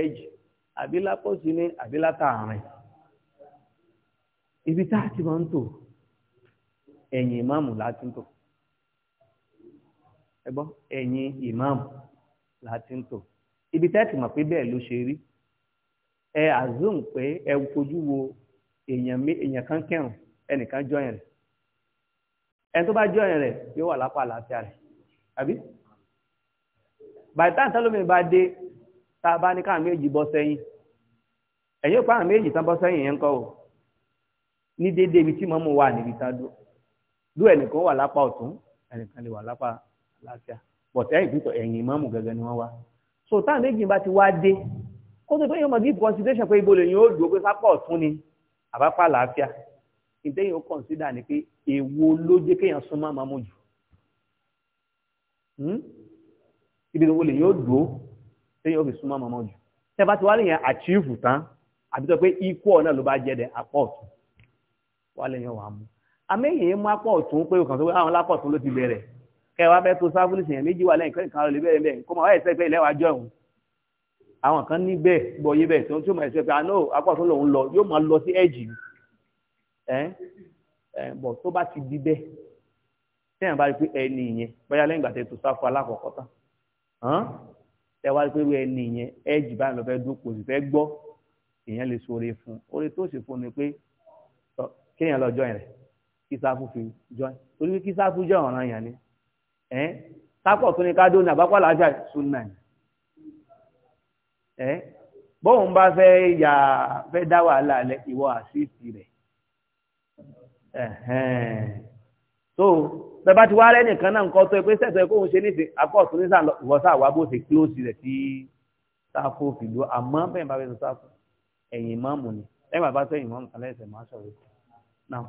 edge àbí lápòsí ní àbí látàárín ibi tá a ti máa ń tò ẹ̀yìn ìmáàmù láti ń tò ẹ gbọ́ ẹ̀yìn ìmáàmù láti ń tò ibi tẹ́ ti mọ̀ pé bẹ́ẹ̀ ló ṣe rí ẹ àzùn pé ẹ fojú wo èèyàn kan kẹrùn ẹnìkan jọyìn rẹ̀ ẹni tó bá jọyìn rẹ̀ yóò wà lápá àlàáfíà rẹ̀ àbí bàtà tẹ́lómi bá dé tá a bá ní káà méjì bọ́ sẹ́yìn ẹ̀yìn òpá àwọn méjì tán bọ́ sẹ́yìn yẹn ń kọ́ o ní déédéé ibi tí mọ́mú wà níbi tá a dúró dúró ẹnìkan wà lápá ọ̀tún ẹnìkan lè wà lápá àlàáfíà bọ̀tẹ́ ẹ̀yìn pítọ̀ ẹ̀yìn mọ́mú gẹ́gẹ́ ni wọ́n wá so táwọn méjì bá ti wá dé kó tó pé yóò mọ̀ deep consideration pé ibo lè yóò dúró pé sápá ọ̀tún ni àbápá àlàáfíà ìtẹ́yìn ó consider ni pé èwo ló jẹ́ kéèyàn súnmọ́ mọ́mú jù hmm? ibi tó wọlé yóò dúró tẹ́yìn ó fi súnmọ́ mọ́mọ́ jù tẹ́ bá ti wá lèyàn àchífù tán àbí tó pé ikú ọ̀nà ló bá jẹ́dẹ̀ apọ̀ ọ̀tún wá lèyàn wà mú àmẹ́yìn mú apọ̀ ọ̀tún pé òkàn tó pé àwọn ah, lápọ̀ ọ̀tún ló ti bẹ̀rẹ̀ kẹ́ wá fẹ́ tó sáfúlì sèyàn méjì wà lẹ́yìn kan lè bẹ̀rẹ̀ bẹ́ẹ̀ kó máa wáyé sẹ́pẹ́ ilẹ̀ wájọ́ ọ̀hún àwọn kan ní bẹ́ẹ̀ gbọ́ yé bẹ́ẹ̀ ah, tó ń túmọ̀ ẹ̀sẹ̀ pé àná apọ̀ tẹ́yìn bá rí pé ẹni ìyẹn bóyá lẹ́yìn ìgbà tẹ́ tó sáfù alákọ̀ọ́kọ́ tán ẹ wá pé wíwẹ ní ìyẹn ẹ jì báyìí lọ fẹ́ dún kò sì fẹ́ gbọ́ èèyàn lè sọre fún orí tó sì fún ni pé kéèyàn lọ join rẹ kí sáfù fi join torí pé kí sáfù jẹ ọ̀ràn yẹn ni ẹ sápọ̀ tó ní ká dó ní àbápọ̀ làájà sunna ni ẹ bóun bá fẹ́ yà fẹ́ dá wàhálà lẹ ìwọ àṣìṣì rẹ so bẹ́ẹ̀ bá ti wá rẹ́nìkan náà nǹkan tó ẹ pé sẹ́tọ̀ ẹ kóhun ṣe nísìn akọ́ọ̀tún ní ìwọ́sà wà bó ṣe kílóòsì rẹ̀ sí sáfò fìdó àmọ́ bẹ́ẹ̀ bá fẹ́ sọ sáfò ẹ̀yìn mọ́ọ̀mù ni ẹ bàbá tó ẹ̀yìn mọ́ọ̀mù alẹ́ ẹ̀sẹ̀ máa sọ̀rọ̀ náà.